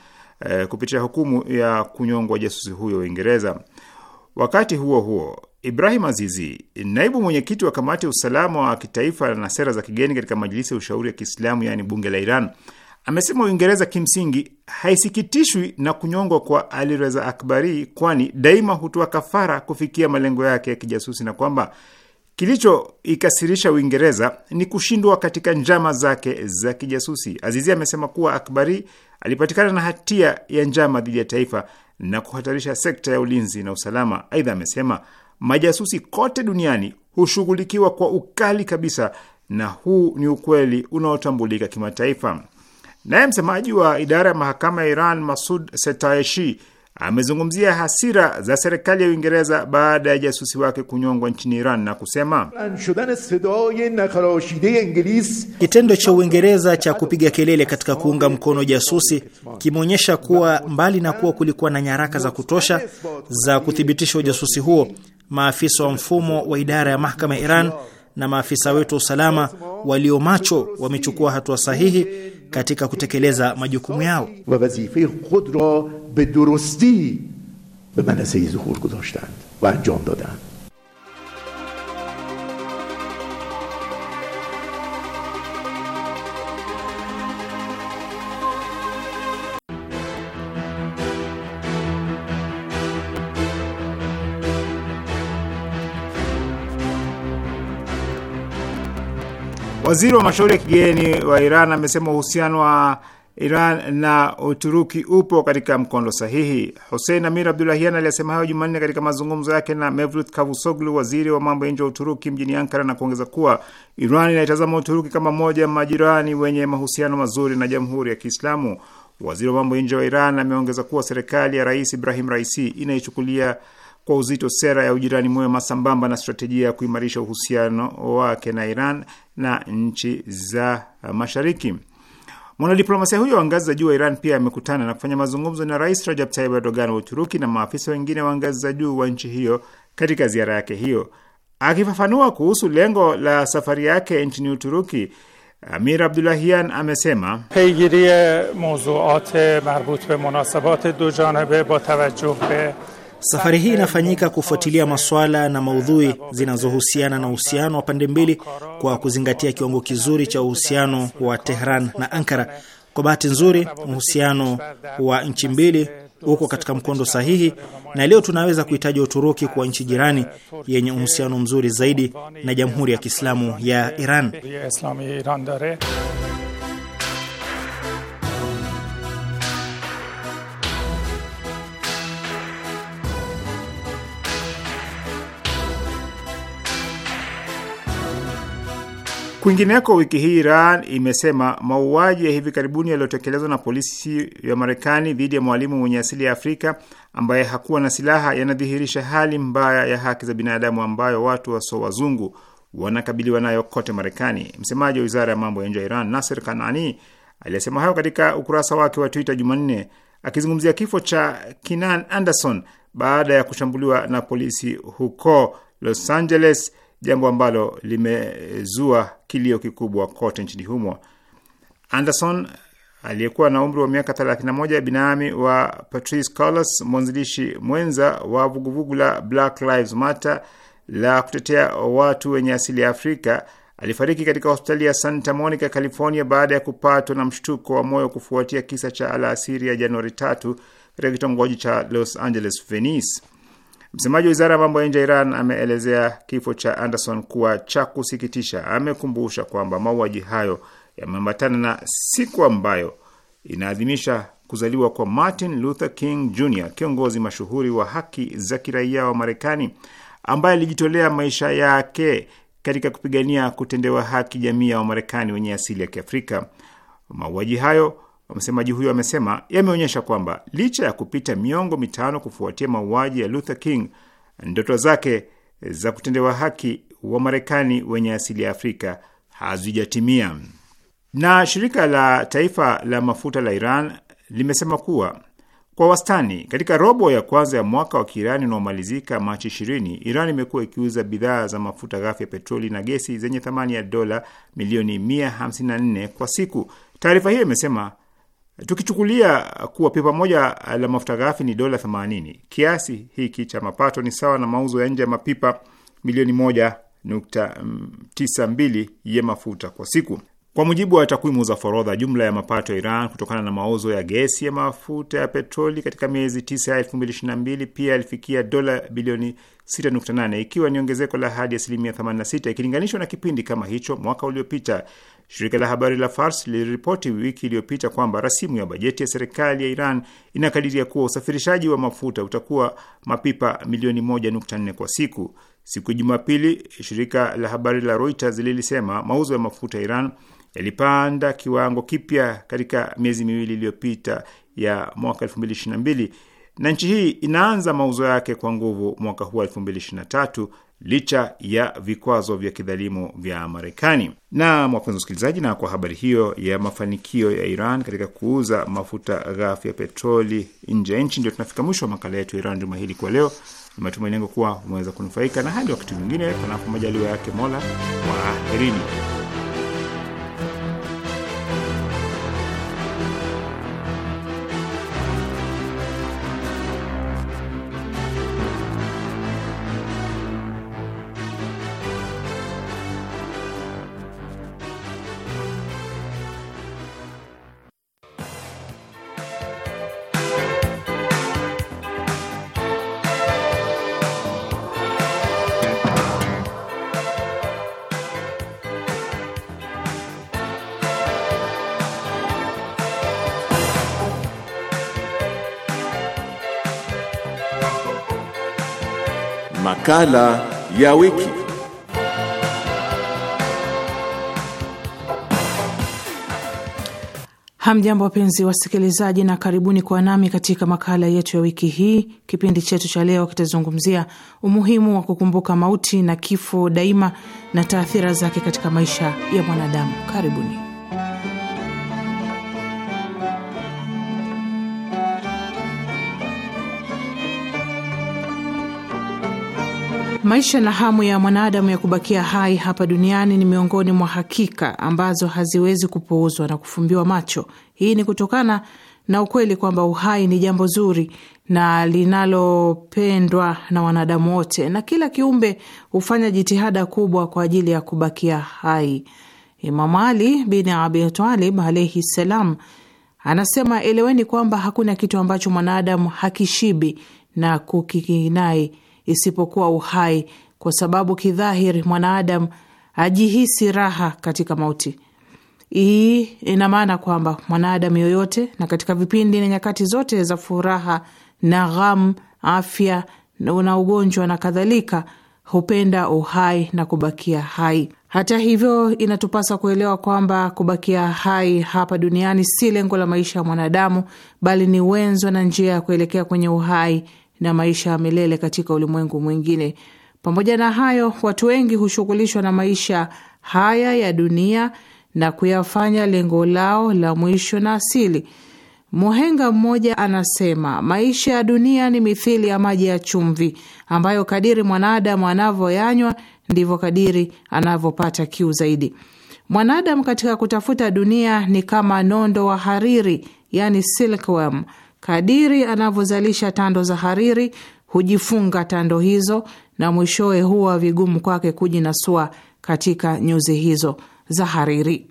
eh, kupitia hukumu ya kunyongwa jasusi huyo wa Uingereza. Wakati huo huo Ibrahim Azizi, naibu mwenyekiti wa kamati ya usalama wa kitaifa na sera za kigeni katika majilisi ya ushauri ya Kiislamu, yaani bunge la Iran, amesema Uingereza kimsingi haisikitishwi na kunyongwa kwa Ali Reza Akbari, kwani daima hutoa kafara kufikia malengo yake ya kijasusi na kwamba kilichoikasirisha Uingereza ni kushindwa katika njama zake za kijasusi. Azizi amesema kuwa Akbari alipatikana na hatia ya njama dhidi ya taifa na kuhatarisha sekta ya ulinzi na usalama. Aidha amesema majasusi kote duniani hushughulikiwa kwa ukali kabisa, na huu ni ukweli unaotambulika kimataifa. Naye msemaji wa idara ya mahakama ya Iran Masud Setaeshi amezungumzia hasira za serikali ya Uingereza baada ya jasusi wake kunyongwa nchini Iran na kusema kitendo cha Uingereza cha kupiga kelele katika kuunga mkono jasusi kimeonyesha kuwa mbali na kuwa kulikuwa na nyaraka za kutosha za kuthibitisha ujasusi huo, maafisa wa mfumo wa idara ya mahakama ya Iran na maafisa wetu wa usalama walio macho wamechukua hatua wa sahihi katika kutekeleza majukumu yao. Waziri wa mashauri ya kigeni wa Iran amesema uhusiano wa Iran na Uturuki upo katika mkondo sahihi. Hussein Amir Abdulahian aliyesema hayo Jumanne katika mazungumzo yake na Mevlut Cavusoglu, waziri wa mambo ya nje wa Uturuki mjini Ankara, na kuongeza kuwa Iran inaitazama Uturuki kama moja majirani wenye mahusiano mazuri na Jamhuri ya Kiislamu. Waziri wa mambo ya nje wa Iran ameongeza kuwa serikali ya Rais Ibrahim Raisi inaichukulia kwa uzito sera ya ujirani mwema sambamba na stratejia ya kuimarisha uhusiano wake na Iran na nchi za Mashariki. Mwanadiplomasia huyo wa ngazi za juu wa Iran pia amekutana na kufanya mazungumzo na Rais Recep Tayyip Erdogan wa Uturuki na maafisa wengine wa ngazi za juu wa nchi hiyo katika ziara yake hiyo. Akifafanua kuhusu lengo la safari yake nchini Uturuki, Amir Abdulahian amesema peygiri mawzuat marbut be munasabat do janabe ba tawajjuh be Safari hii inafanyika kufuatilia masuala na maudhui zinazohusiana na uhusiano wa pande mbili kwa kuzingatia kiwango kizuri cha uhusiano wa Tehran na Ankara. Kwa bahati nzuri, uhusiano wa nchi mbili uko katika mkondo sahihi, na leo tunaweza kuhitaji Uturuki kwa nchi jirani yenye uhusiano mzuri zaidi na Jamhuri ya Kiislamu ya Iran. Kwingineko, wiki hii Iran imesema mauaji ya hivi karibuni yaliyotekelezwa na polisi ya Marekani dhidi ya mwalimu mwenye asili ya Afrika ambaye hakuwa na silaha yanadhihirisha hali mbaya ya haki za binadamu ambayo watu waso wazungu wanakabiliwa nayo kote Marekani. Msemaji wa wizara ya mambo ya nje ya Iran, Nasser Kanani, aliyesema hayo katika ukurasa wake wa Twitter Jumanne akizungumzia kifo cha Kinan Anderson baada ya kushambuliwa na polisi huko Los Angeles jambo ambalo limezua kilio kikubwa kote nchini humo. Anderson aliyekuwa na umri wa miaka 31, binaami wa Patrice Collas, mwanzilishi mwenza wa vuguvugu la Black Lives Matter la kutetea watu wenye asili ya Afrika, alifariki katika hospitali ya Santa Monica, California, baada ya kupatwa na mshtuko wa moyo kufuatia kisa cha alasiri ya Januari 3 katika kitongoji cha Los Angeles, Venice. Msemaji wa wizara ya mambo ya nje ya Iran ameelezea kifo cha Anderson kuwa cha kusikitisha. Amekumbusha kwamba mauaji hayo yameambatana na siku ambayo inaadhimisha kuzaliwa kwa Martin Luther King Jr, kiongozi mashuhuri wa haki za kiraia wa Marekani ambaye alijitolea maisha yake katika kupigania kutendewa haki jamii ya Wamarekani wenye asili ya Kiafrika. Mauaji hayo Msemaji huyo amesema yameonyesha kwamba licha ya kupita miongo mitano kufuatia mauaji ya Luther King, ndoto zake za kutendewa haki wa Marekani wenye asili ya Afrika hazijatimia. Na shirika la taifa la mafuta la Iran limesema kuwa kwa wastani katika robo ya kwanza ya mwaka wa Kiirani unaomalizika Machi 20 Iran imekuwa ikiuza bidhaa za mafuta ghafi ya petroli na gesi zenye thamani ya dola milioni 154 kwa siku. Taarifa hiyo imesema Tukichukulia kuwa pipa moja la mafuta ghafi ni dola 80, kiasi hiki cha mapato ni sawa na mauzo ya nje ya mapipa milioni 1.92 mm, ya mafuta kwa siku. Kwa mujibu wa takwimu za forodha, jumla ya mapato ya Iran kutokana na mauzo ya gesi ya mafuta ya petroli katika miezi 9 ya 2022 pia yalifikia dola bilioni 6.8, ikiwa ni ongezeko la hadi asilimia 86 ikilinganishwa na kipindi kama hicho mwaka uliopita, Shirika la habari la Fars liliripoti wiki iliyopita kwamba rasimu ya bajeti ya serikali ya Iran inakadiria kuwa usafirishaji wa mafuta utakuwa mapipa milioni 1.4 kwa siku. Siku ya Jumapili, shirika la habari la Reuters lilisema mauzo ya mafuta ya Iran yalipanda kiwango kipya katika miezi miwili iliyopita ya mwaka 2022 na nchi hii inaanza mauzo yake kwa nguvu mwaka huu 2023 licha ya vikwazo vya kidhalimu vya Marekani. Na wapenzi wasikilizaji, na kwa habari hiyo ya mafanikio ya Iran katika kuuza mafuta ghafi ya petroli nje ya nchi, ndio tunafika mwisho wa makala yetu ya Iran juma hili kwa leo. Ni matumaini yangu kuwa umeweza kunufaika, na hadi wakati mwingine, panapo majaliwa yake Mola, kwaherini. Makala ya wiki. Hamjambo, wapenzi wasikilizaji, na karibuni kwa nami katika makala yetu ya wiki hii. Kipindi chetu cha leo kitazungumzia umuhimu wa kukumbuka mauti na kifo daima na taathira zake katika maisha ya mwanadamu. Karibuni. Maisha na hamu ya mwanadamu ya kubakia hai hapa duniani ni miongoni mwa hakika ambazo haziwezi kupuuzwa na kufumbiwa macho. Hii ni kutokana na ukweli kwamba uhai ni jambo zuri na linalopendwa na wanadamu wote, na kila kiumbe hufanya jitihada kubwa kwa ajili ya kubakia hai. Imamu Ali bin Abi Talib alaihi ssalam anasema, eleweni kwamba hakuna kitu ambacho mwanadamu hakishibi na kukikinai isipokuwa uhai, kwa sababu kidhahiri mwanadamu ajihisi raha katika mauti. Hii ina maana kwamba mwanadamu yoyote na katika vipindi na nyakati zote za furaha na ghamu, afya na ugonjwa na kadhalika, hupenda uhai na kubakia hai. Hata hivyo, inatupasa kuelewa kwamba kubakia hai hapa duniani si lengo la maisha ya mwanadamu, bali ni wenzo na njia ya kuelekea kwenye uhai na maisha ya milele katika ulimwengu mwingine. Pamoja na hayo, watu wengi hushughulishwa na maisha haya ya dunia na kuyafanya lengo lao la mwisho na asili. Muhenga mmoja anasema maisha ya dunia ni mithili ya maji ya chumvi ambayo kadiri mwanadamu anavyoyanywa ndivyo kadiri anavyopata kiu zaidi. Mwanadamu katika kutafuta dunia ni kama nondo wa hariri, yani silkworm, Kadiri anavyozalisha tando za hariri, hujifunga tando hizo na mwishowe huwa vigumu kwake kujinasua katika nyuzi hizo za hariri.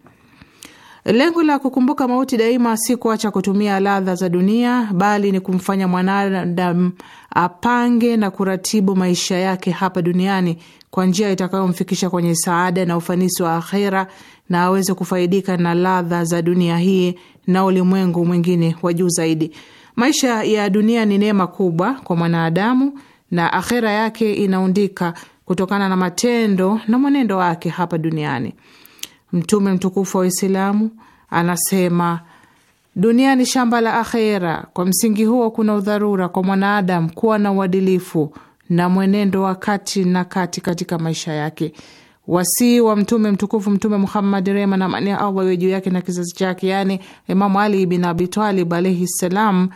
Lengo la kukumbuka mauti daima si kuacha kutumia ladha za dunia, bali ni kumfanya mwanadamu apange na kuratibu maisha yake hapa duniani kwa njia itakayomfikisha kwenye saada na ufanisi wa akhera, na aweze kufaidika na ladha za dunia hii na ulimwengu mwingine wa juu zaidi. Maisha ya dunia ni neema kubwa kwa mwanadamu na akhera yake inaundika kutokana na matendo na mwenendo wake hapa duniani. Mtume mtukufu wa Uislamu anasema dunia ni shamba la akhera. Kwa msingi huo, kuna udharura kwa mwanadamu kuwa na uadilifu na mwenendo wa kati na kati katika maisha yake wasii wa mtume mtukufu Mtume Muhammad, rehma na amani ya Allah iwe juu yake na kizazi chake, yaani Imamu Ali bin Abi Talib alaihi ssalam,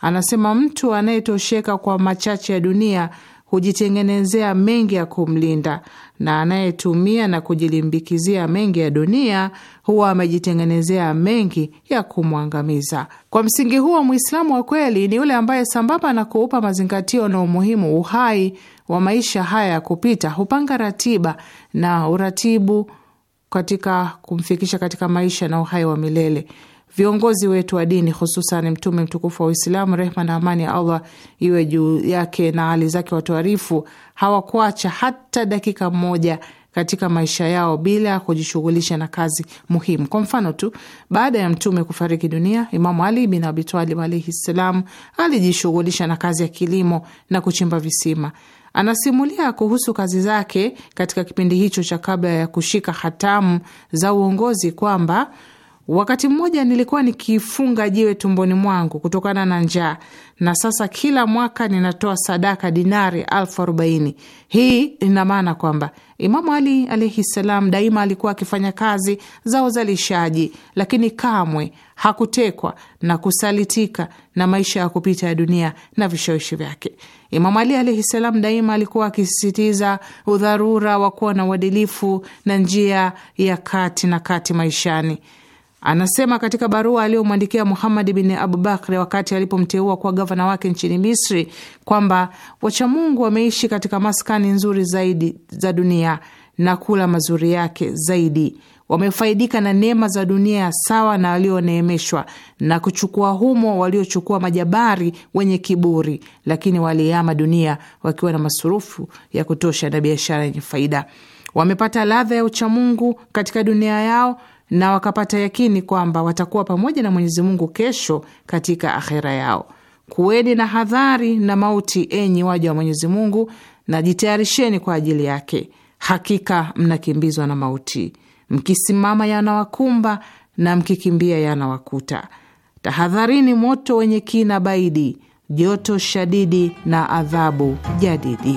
anasema mtu anayetosheka kwa machache ya dunia hujitengenezea mengi ya kumlinda na anayetumia na kujilimbikizia mengi ya dunia huwa amejitengenezea mengi ya kumwangamiza. Kwa msingi huo, Mwislamu wa kweli ni yule ambaye sambamba na kuupa mazingatio na umuhimu uhai wa maisha haya ya kupita, hupanga ratiba na uratibu katika kumfikisha katika maisha na uhai wa milele viongozi wetu wa dini hususan Mtume mtukufu wa Uislamu, rehma na amani ya Allah iwe juu yake na hali zake watoarifu, hawakuacha hata dakika moja katika maisha yao bila kujishughulisha na kazi muhimu. Kwa mfano tu, baada ya mtume kufariki dunia, Imamu Ali bin Abi Talib alaihi ssalam alijishughulisha na kazi ya kilimo na kuchimba visima. Anasimulia kuhusu kazi zake katika kipindi hicho cha kabla ya kushika hatamu za uongozi kwamba Wakati mmoja nilikuwa nikifunga jiwe tumboni mwangu kutokana na njaa, na sasa kila mwaka ninatoa sadaka dinari elfu arobaini. Hii ina maana kwamba Imamu Ali alaihi ssalam daima alikuwa akifanya kazi za uzalishaji, lakini kamwe hakutekwa na kusalitika na maisha ya kupita ya dunia na vishawishi vyake. Imamu Ali alaihi ssalam daima alikuwa akisisitiza udharura wa kuwa na uadilifu na njia ya kati na kati maishani. Anasema katika barua aliyomwandikia Muhamad bin Abubakri wakati alipomteua kuwa gavana wake nchini Misri kwamba wachamungu wameishi katika maskani nzuri zaidi za dunia na kula mazuri yake zaidi, wamefaidika na neema za dunia sawa na walioneemeshwa, na kuchukua humo waliochukua majabari wenye kiburi, lakini waliama dunia wakiwa na masurufu ya kutosha na biashara yenye faida. Wamepata ladha ya uchamungu katika dunia yao na wakapata yakini kwamba watakuwa pamoja na Mwenyezi Mungu kesho katika akhera yao. Kuweni na hadhari na mauti, enyi waja wa Mwenyezi Mungu, na jitayarisheni kwa ajili yake. Hakika mnakimbizwa na mauti, mkisimama yanawakumba na mkikimbia yanawakuta. Tahadharini moto wenye kina baidi, joto shadidi na adhabu jadidi.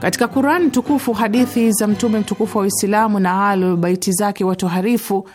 Katika quran tukufu, hadithi za mtume mtukufu wa Uislamu na alo Baiti zake watoharifu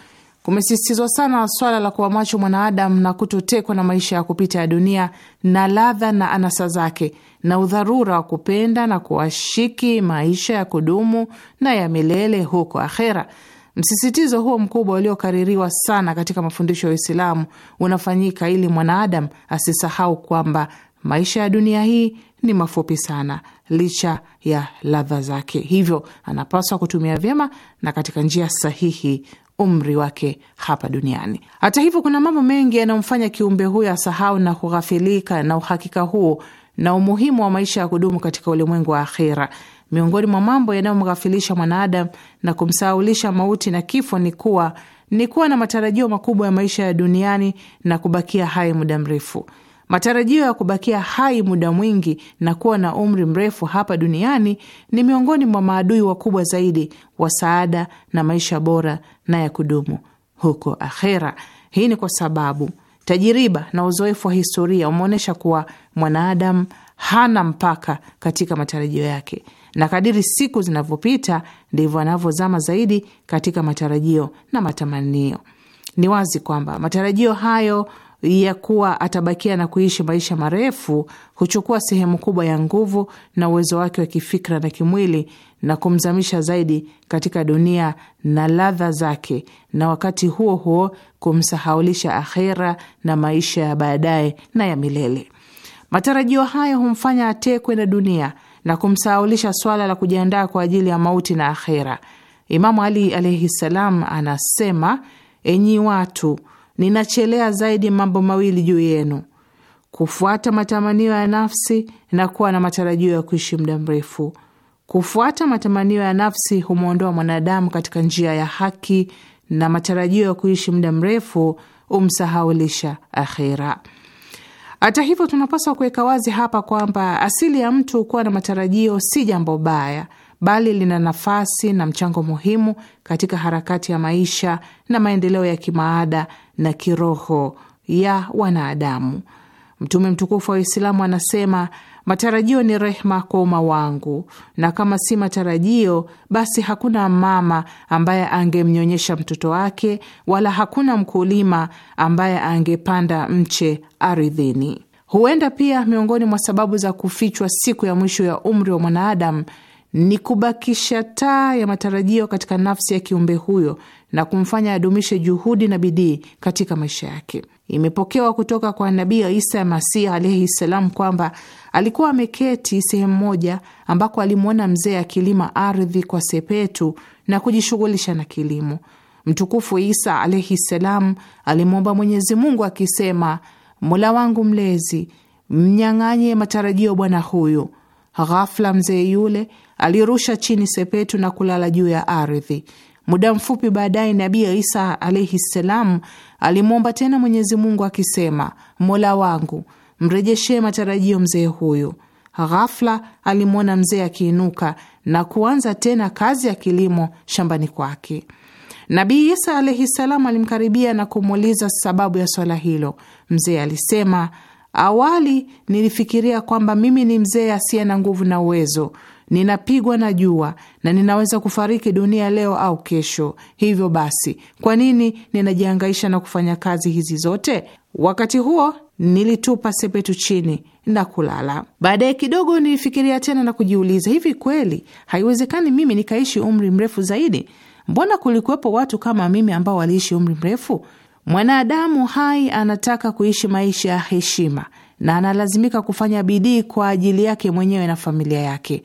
kumesisitizwa sana swala la kuwa macho mwanadamu na kutotekwa na maisha ya kupita ya dunia na ladha na anasa zake na udharura wa kupenda na kuwashiki maisha ya kudumu na ya milele huko akhera. Msisitizo huo mkubwa uliokaririwa sana katika mafundisho ya Uislamu unafanyika ili mwanaadam asisahau kwamba maisha ya dunia hii ni mafupi sana licha ya ladha zake, hivyo anapaswa kutumia vyema na katika njia sahihi umri wake hapa duniani. Hata hivyo, kuna mambo mengi yanayomfanya kiumbe huyo asahau na kughafilika na uhakika huu na umuhimu wa maisha ya kudumu katika ulimwengu wa akhira. Miongoni mwa mambo yanayomghafilisha mwanadamu na kumsahaulisha mauti na kifo ni kuwa ni kuwa na matarajio makubwa ya maisha ya duniani na kubakia hai muda mrefu. Matarajio ya kubakia hai muda mwingi na kuwa na umri mrefu hapa duniani ni miongoni mwa maadui wakubwa zaidi wa saada na maisha bora na ya kudumu huko akhera. Hii ni kwa sababu tajiriba na uzoefu wa historia umeonyesha kuwa mwanadamu hana mpaka katika matarajio yake, na kadiri siku zinavyopita ndivyo anavyozama zaidi katika matarajio na matamanio. Ni wazi kwamba matarajio hayo ya kuwa atabakia na kuishi maisha marefu huchukua sehemu kubwa ya nguvu na uwezo wake wa kifikra na kimwili na kumzamisha zaidi katika dunia na ladha zake, na wakati huo huo kumsahaulisha akhera na maisha ya baadaye na ya milele. Matarajio hayo humfanya atekwe na dunia na kumsahaulisha swala la kujiandaa kwa ajili ya mauti na akhera. Imamu Ali alaihi salam anasema, enyi watu ninachelea zaidi mambo mawili juu yenu: kufuata matamanio ya nafsi na kuwa na matarajio ya kuishi muda mrefu. Kufuata matamanio ya nafsi humwondoa mwanadamu katika njia ya haki na matarajio ya kuishi muda mrefu humsahaulisha akhira. Hata hivyo, tunapaswa kuweka wazi hapa kwamba asili ya mtu kuwa na matarajio si jambo baya, bali lina nafasi na mchango muhimu katika harakati ya maisha na maendeleo ya kimaada na kiroho ya wanadamu. Mtume mtukufu wa Uislamu anasema, matarajio ni rehma kwa umma wangu, na kama si matarajio, basi hakuna mama ambaye angemnyonyesha mtoto wake, wala hakuna mkulima ambaye angepanda mche ardhini. Huenda pia miongoni mwa sababu za kufichwa siku ya mwisho ya umri wa mwanadamu ni kubakisha taa ya matarajio katika nafsi ya kiumbe huyo na kumfanya adumishe juhudi na bidii katika maisha yake. Imepokewa kutoka kwa Nabii Isa ya Masih alaihi salam kwamba alikuwa ameketi sehemu moja ambako alimwona mzee akilima ardhi kwa sepetu na kujishughulisha na kilimo. Mtukufu Isa alaihi salam alimwomba Mwenyezi Mungu akisema, mola wangu mlezi, mnyang'anye matarajio bwana huyu Ghafla mzee yule alirusha chini sepetu na kulala juu ya ardhi. Muda mfupi baadaye Nabii Isa alaihi ssalam alimwomba tena Mwenyezi Mungu akisema, mola wangu mrejeshee matarajio mzee huyu. Ghafla alimwona mzee akiinuka na kuanza tena kazi ya kilimo shambani kwake. Nabii Isa alaihi ssalam alimkaribia na kumuuliza sababu ya swala hilo. Mzee alisema Awali nilifikiria kwamba mimi ni mzee asiye na nguvu na uwezo, ninapigwa na jua na ninaweza kufariki dunia leo au kesho. Hivyo basi, kwa nini ninajihangaisha na kufanya kazi hizi zote? Wakati huo nilitupa sepetu chini na kulala. Baadaye kidogo nilifikiria tena na kujiuliza, hivi kweli haiwezekani mimi nikaishi umri mrefu zaidi? Mbona kulikuwepo watu kama mimi ambao waliishi umri mrefu? Mwanadamu hai anataka kuishi maisha ya heshima na analazimika kufanya bidii kwa ajili yake mwenyewe na familia yake.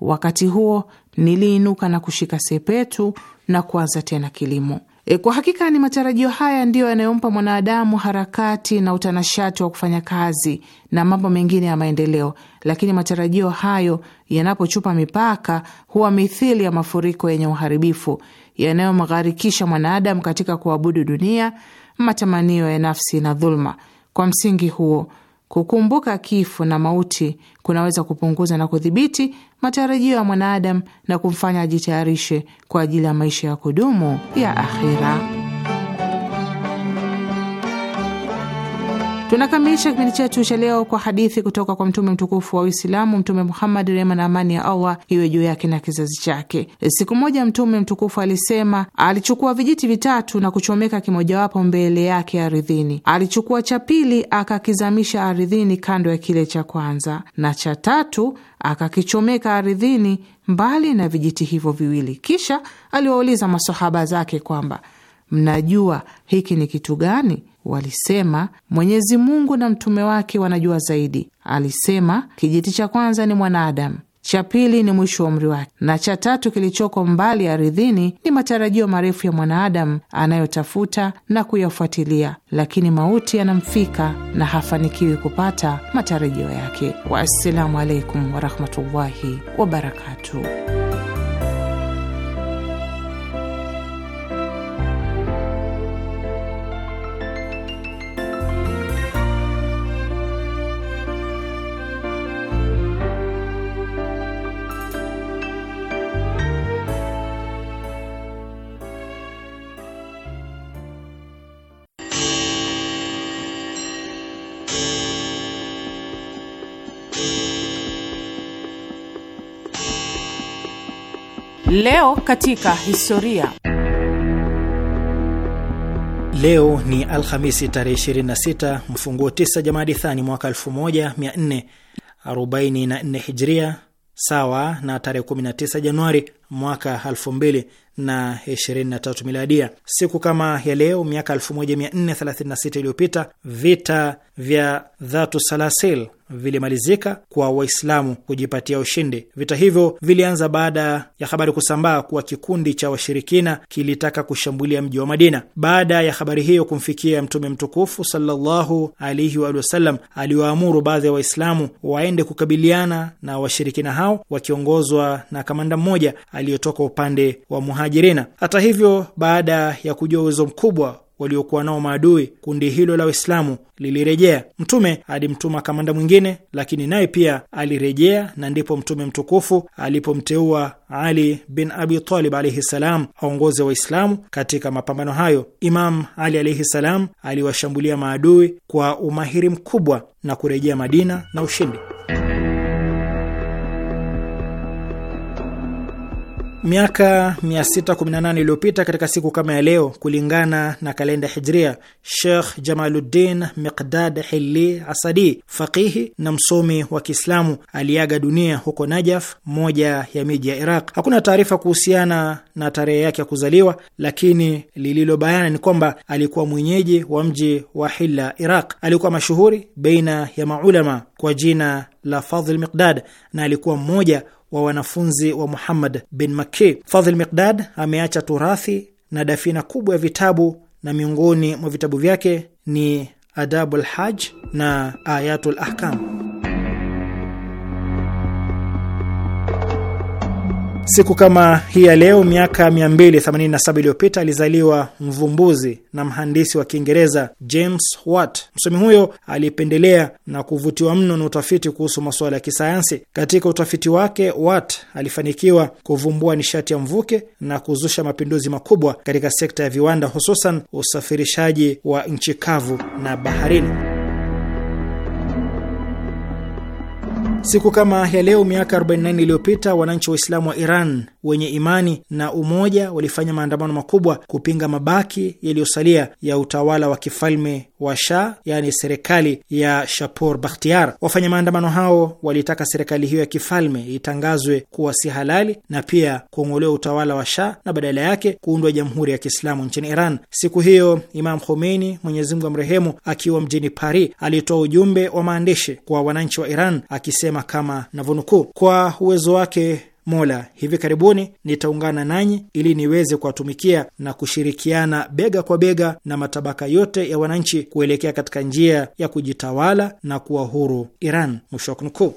Wakati huo niliinuka na kushika sepetu na kuanza tena kilimo. E, kwa hakika ni matarajio haya ndiyo yanayompa mwanadamu harakati na utanashati wa kufanya kazi na mambo mengine ya maendeleo, lakini matarajio hayo yanapochupa mipaka huwa mithili ya mafuriko yenye uharibifu yanayomgharikisha mwanadamu katika kuabudu dunia matamanio ya nafsi na dhuluma. Kwa msingi huo, kukumbuka kifo na mauti kunaweza kupunguza na kudhibiti matarajio ya mwanadamu na kumfanya ajitayarishe kwa ajili ya maisha ya kudumu ya akhira. Tunakamilisha kipindi chetu cha leo kwa hadithi kutoka kwa mtume mtukufu wa Uislamu, Mtume Muhammad, rehma na amani ya Allah iwe juu yake na kizazi chake. Siku moja Mtume mtukufu alisema, alichukua vijiti vitatu na kuchomeka kimojawapo mbele yake ardhini, alichukua cha pili akakizamisha ardhini kando ya kile cha kwanza, na cha tatu akakichomeka ardhini mbali na vijiti hivyo viwili. Kisha aliwauliza masahaba zake kwamba mnajua hiki ni kitu gani? Walisema Mwenyezi Mungu na mtume wake wanajua zaidi. Alisema kijiti cha kwanza ni mwanadamu, cha pili ni mwisho wa umri wake, na cha tatu kilichoko mbali aridhini ni matarajio marefu ya mwanadamu anayotafuta na kuyafuatilia, lakini mauti yanamfika na hafanikiwi kupata matarajio yake. Wassalamu alaikum warahmatullahi wabarakatuh. Leo katika historia. Leo ni Alhamisi tarehe 26 mfunguo 9 Jamadi Thani mwaka 1444 Hijria, sawa na tarehe 19 Januari mwaka na 23 miladia. Siku kama ya leo miaka 1436 iliyopita vita vya Dhatu Salasil vilimalizika kwa Waislamu kujipatia ushindi. Vita hivyo vilianza baada ya habari kusambaa kuwa kikundi cha washirikina kilitaka kushambulia mji wa Madina. Baada ya habari hiyo kumfikia Mtume mtukufu sallallahu alaihi wa sallam, aliwaamuru baadhi ya Waislamu waende kukabiliana na washirikina hao wakiongozwa na kamanda mmoja aliyetoka upande wa muhaji Majirina. Hata hivyo, baada ya kujua uwezo mkubwa waliokuwa nao maadui, kundi hilo la Waislamu lilirejea. Mtume alimtuma kamanda mwingine, lakini naye pia alirejea, na ndipo Mtume mtukufu alipomteua Ali bin Abi Talib alaihi salam aongoze Waislamu katika mapambano hayo. Imam Ali alaihi salam aliwashambulia maadui kwa umahiri mkubwa na kurejea Madina na ushindi. Miaka 618 iliyopita katika siku kama ya leo, kulingana na kalenda Hijria, Shekh Jamaluddin Miqdad Hilli Asadi, faqihi na msomi wa Kiislamu, aliaga dunia huko Najaf, moja ya miji ya Iraq. Hakuna taarifa kuhusiana na tarehe yake ya kuzaliwa, lakini lililobayana ni kwamba alikuwa mwenyeji wa mji wa Hilla, Iraq. Alikuwa mashuhuri baina ya maulama kwa jina la Fadhl Miqdad na alikuwa mmoja wa wanafunzi wa Muhammad bin Maki. Fadhil Miqdad ameacha turathi na dafina kubwa ya vitabu, na miongoni mwa vitabu vyake ni Adabul Haj na Ayatul Ahkam. Siku kama hii ya leo miaka 287 iliyopita alizaliwa mvumbuzi na mhandisi wa Kiingereza James Watt. Msomi huyo alipendelea na kuvutiwa mno na utafiti kuhusu masuala ya kisayansi. Katika utafiti wake, Watt alifanikiwa kuvumbua nishati ya mvuke na kuzusha mapinduzi makubwa katika sekta ya viwanda, hususan usafirishaji wa nchi kavu na baharini. Siku kama ya leo miaka 44 iliyopita wananchi Waislamu wa Iran wenye imani na umoja walifanya maandamano makubwa kupinga mabaki yaliyosalia ya utawala wa kifalme wa Shah, yaani serikali ya Shapor Bakhtiar. Wafanya maandamano hao walitaka serikali hiyo ya kifalme itangazwe kuwa si halali na pia kuongolewa utawala wa Shah na badala yake kuundwa jamhuri ya Kiislamu nchini Iran. Siku hiyo Imam Khomeini, Mwenyezi Mungu amrehemu, akiwa mjini Paris alitoa ujumbe wa maandishi kwa wananchi wa Iran akisema anasema kama navyonukuu, kwa uwezo wake Mola, hivi karibuni nitaungana nanyi ili niweze kuwatumikia na kushirikiana bega kwa bega na matabaka yote ya wananchi kuelekea katika njia ya kujitawala na kuwa huru Iran. Mwisho wa kunukuu.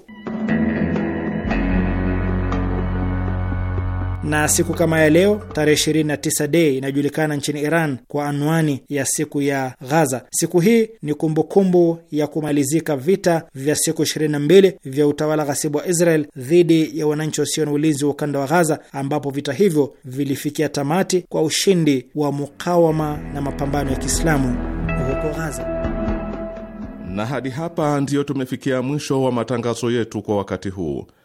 na siku kama ya leo tarehe 29 Dei inajulikana nchini Iran kwa anwani ya siku ya Ghaza. Siku hii ni kumbukumbu kumbu ya kumalizika vita vya siku 22 vya utawala ghasibu wa Israel dhidi ya wananchi wasio na ulinzi wa ukanda wa Ghaza, ambapo vita hivyo vilifikia tamati kwa ushindi wa mukawama na mapambano ya Kiislamu huko Ghaza. Na hadi hapa ndiyo tumefikia mwisho wa matangazo yetu kwa wakati huu.